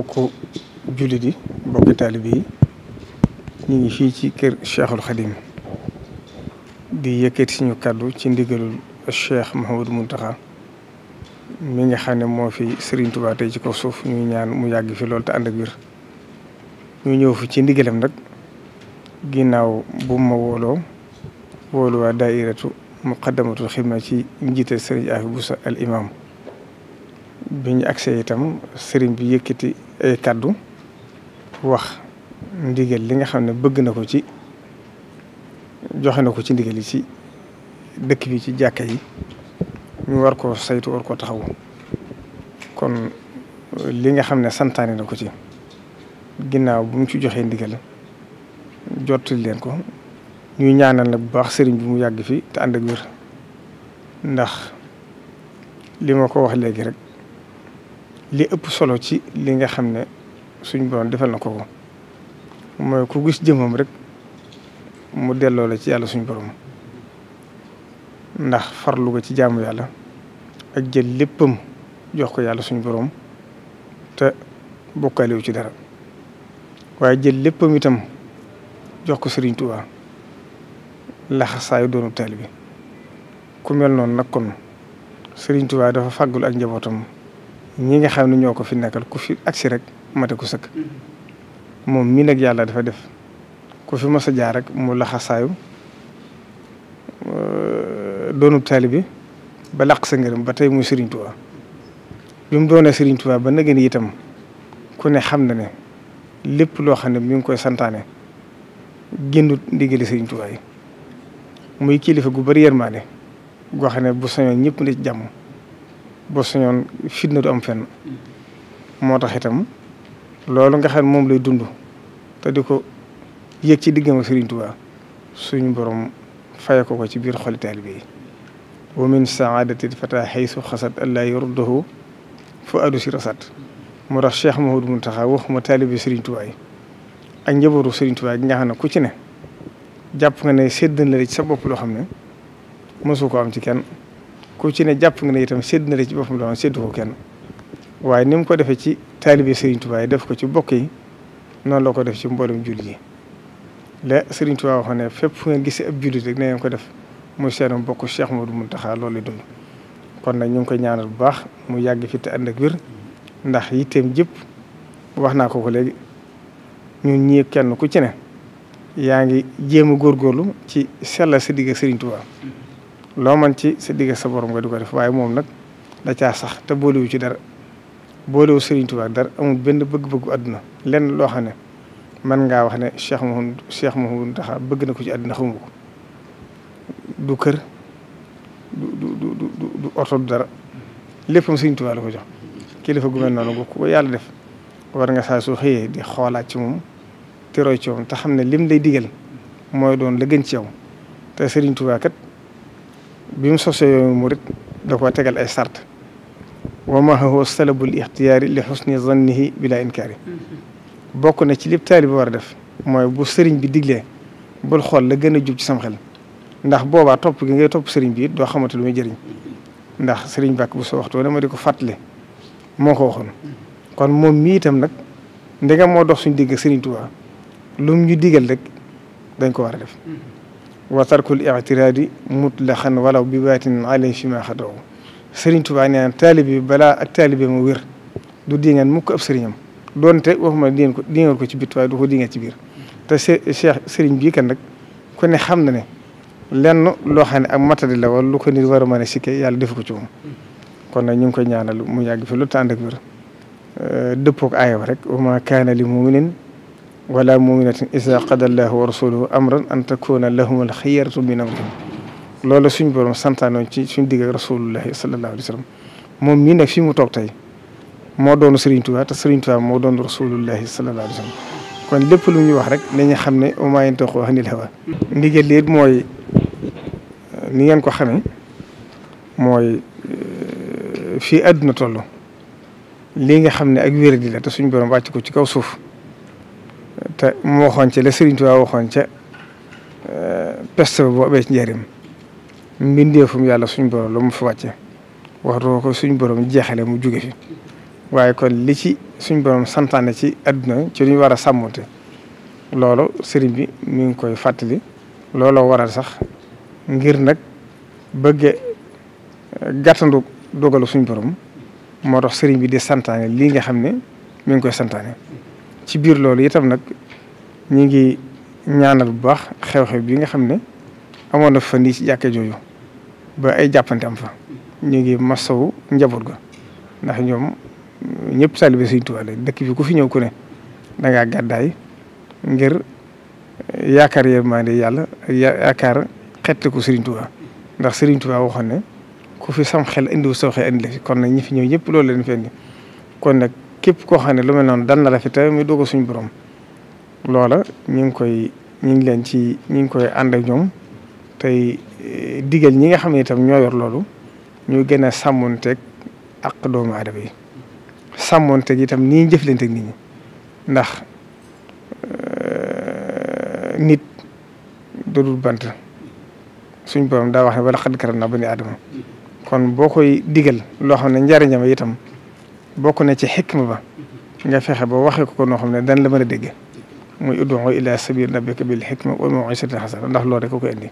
ان ان ان ان ان مبروك جلدي مبروك ان نيغي في شي كير ان الخليم دي ييكيت سي ان كادو سي نديغال الشيخ ان منتخا ميغي خاني مو ان سيرين توبا تي جيكو ان نيو نيان مو ياغي ان لول تا اندك وير ان نيو في سي نديغالم ان غيناو بوما وولو وولو ان مقدمه الخدمه سي نجيت ان عافي بوسا الامام bi ñu agsee itam sëriñ bi yëkkati ay kàddu wax ndigal li nga xam ne bëgg na ko ci joxe na ko ci ndigal yi ci dëkk bi ci jàkka yi ñu war koo saytu war koo taxawu kon li nga xam ne santaane na ko ci ginnaaw bu mu ci joxee ndigal jottali leen ko ñuy ñaanal nag bu baax sëriñ bi mu yàgg fi te ànd ak ndax li ma ko wax léegi rek li ëpp solo ci li nga xam ne suñ borom defal na ko ko mooy ku gis jëmmam rek mu delloo la ci yàlla suñ boroom ndax farlu ko ci jaamu yàlla ak jël léppam jox ko yàlla suñ borom te bokkaaliwu ci dara waaye jël léppam itam jox ko Sëriñ Tuubaa laxasaayu doonu taalibe bi ku mel noonu nag kon Sëriñ dafa fàggul ak njabootam. ñi nga xam ne ñoo ko fi nekkal ku fi agsi rek mate ko sëkk moom mii nag yàlla dafa def ku fi mas a jaar rek mu laxasaayu euh, doonub taalibe ba laq sa ngërëm ba tey muy Serigne Touba bi mu doonee Serigne Touba ba nag itam ku ne xam na ne lépp loo xam ne mi ngi koy santaane génnut ndigali Serigne Touba muy kilifa gu bari yërmaane goo xam ne bu sañoon ñëpp ne ci jàmm. ba suñoon fitna du am fenn moo tax itam loolu nga xam ne moom lay dund te di ko yëg ci diggam ak Sëriñ suñu borom fayee ko ko ci biir xoli taalibe yi wa min saadatil fata xaysu xasat allah doxu fa adu si rasat moo tax Cheikh Mahmoud Muntaxa waxuma taalibe Sëriñ Tuubaa yi ak njabootu Sëriñ Tuubaa ku ci ne jàpp nga ne séddana la ci sa bopp loo xam ne mësu ko am ci kenn ku ci ne jàpp nga ne itam sédd na la ci boppam la séddu ko kenn waaye ni mu ko defee ci taalibe Serigne Touba yi def ko ci bokk yi noonu la ko def ci mboolem jullit yi le Serigne Touba fépp fu ngeen gisee ab jullit rek na ngeen ko def muy seen mbokk Cheikh Modou mu loolu lay dund. kon nag ñu ngi koy ñaanal bu baax mu yàgg fi te ànd ak wér ndax yitteem jëpp wax naa ko ko léegi ñu ñii kenn ku ci ne yaa ngi jéem a góorgóorlu ci sellal sa digg ak loo man ci sa digg sa borom nga di ko def waaye moom nag da caa sax te boolewu ci dara boolewu Serigne Touba dara amul benn bëgg-bëggu àdduna lenn loo xam ne man ngaa wax ne Cheikh Mouhoun Cheikh Mouhoun taxa bëgg na ko ci àdduna xamu ko du kër du du oto du dara léppam Serigne Touba la ko jox kilifa gu mel noonu ku ko yàlla def war nga saa soo xëyee di xoolaat ci moom te roy ci moom te xam ne lim lay digal mooy doon la ci yow te Serigne Touba بيم سوسي مريد دكوا تجعل أسرت وما هو السلب الاختياري لحسن ظنه بلا إنكاره بكون نتليب تالي بوردف ما يبصرين بدقلة بالخال لجنة جب جسم خل نحبوا بعطوب بيجي توب سرين بيد دوا خمطة لمجرين نح سرين بق بس وقت ولا مريكو فتلة ما خوهم كان ممتع منك نجا ما دخل سرين دقة سرين توا لم يدقلك دين كوارف wa tarkul ictiraadi mutlaqan walaw bi baatin alay fi ma xadaw sëriñ Tuubaa nee na taalibi balaa ak taalibi mu wér du dingaan mukk ab sëriñam doonte waxuma dingaan ko dingaan ko ci bit waaye du ko dingaan ci biir te cheikh sëriñ bii kan nag ku ne xam na ne lenn loo xam ne ak matadi la wala lu ko nit wara a mën a sikke yàlla def ko ci moom kon nag ñu ngi koy ñaanal mu yàgg fi lu tànd ak wér dëppook aaya rek wa maa kaana li muminin wala muminatin isa qada allahu wa rasuluhu amran an takuna lahum al xiyaratu min amrihim loolu suñ borom santaanoo ci suñ digg ak rasulullahi sallallahu alayhi wa sallam moom mii nag fi mu toog tey moo doon Serigne Touba te moo doon rasulullahi sallallahu alayhi wa sallam kon lépp lu ñu wax rek dañuy xam ne maa ngi toog wax ni la waa. ndigal li mooy ngeen ko xamee fii àdduna toll lii nga xam ne ak wér di la te suñ borom wàcc ko ci kaw suuf. te mu waxoon ca la Serigne Touba waxoon ca eh, peste boo amee ci njëriñ fum yàlla suñ borom lu mu fa wàcce waxtu ko suñ borom jeexale mu jóge fi waaye kon li ci suñ boroom santaane ci adduna ci lu war a sàmmonte loolu sëriñ bi mi ngi koy fàttali looloo waral sax ngir nag bëgge eh, gàttandu dogalu suñ boroom moo tax sëriñ bi di santaane lii nga xam ne mi ngi koy santaane ci biir loolu itam nag ñu ngi ñaanal bu baax xew-xew bi nga xam ne amoon na fa nii ci jàkkee jooju ba ay jàppante am fa ñu ngi masawu njaboot ga ndax ñoom ñëpp taalibe Sëriñ Tuubaa la dëkk bi ku fi ñëw ku ne da ngaa gàddaay ngir yaakaar yërmande yàlla yaakaar xetliku Sëriñ Tuubaa ndax Sëriñ Tuubaa waxoon ne ku fi sam xel indiwu saw xel indi fi kon nag ñi fi ñëw ñëpp loolu leen kon nag képp koo xam ne lu mel noonu dal na la fi te muy doog suñu borom. loola ñu ngi koy ñu ngi leen ci ñu ngi koy ànd ñoom tey eh, digal ñi nga xam ne itam ñoo yor loolu ñu gën a teg ak doomu aadama yi teg itam nii jëflanteeg nit ñi ndax eh, nit dodul bant suñ borom daa wax ne wala xad karam na bani aadama kon boo koy digal loo xam ne njariñam itam bokk na ci xikma ba nga fexe ba waxee ko ko noo xam ne dañ la mën a dégg muy ud'u ila sabili rabbika bil hikma wal maw'izati hasana ndax loolu rek ko indi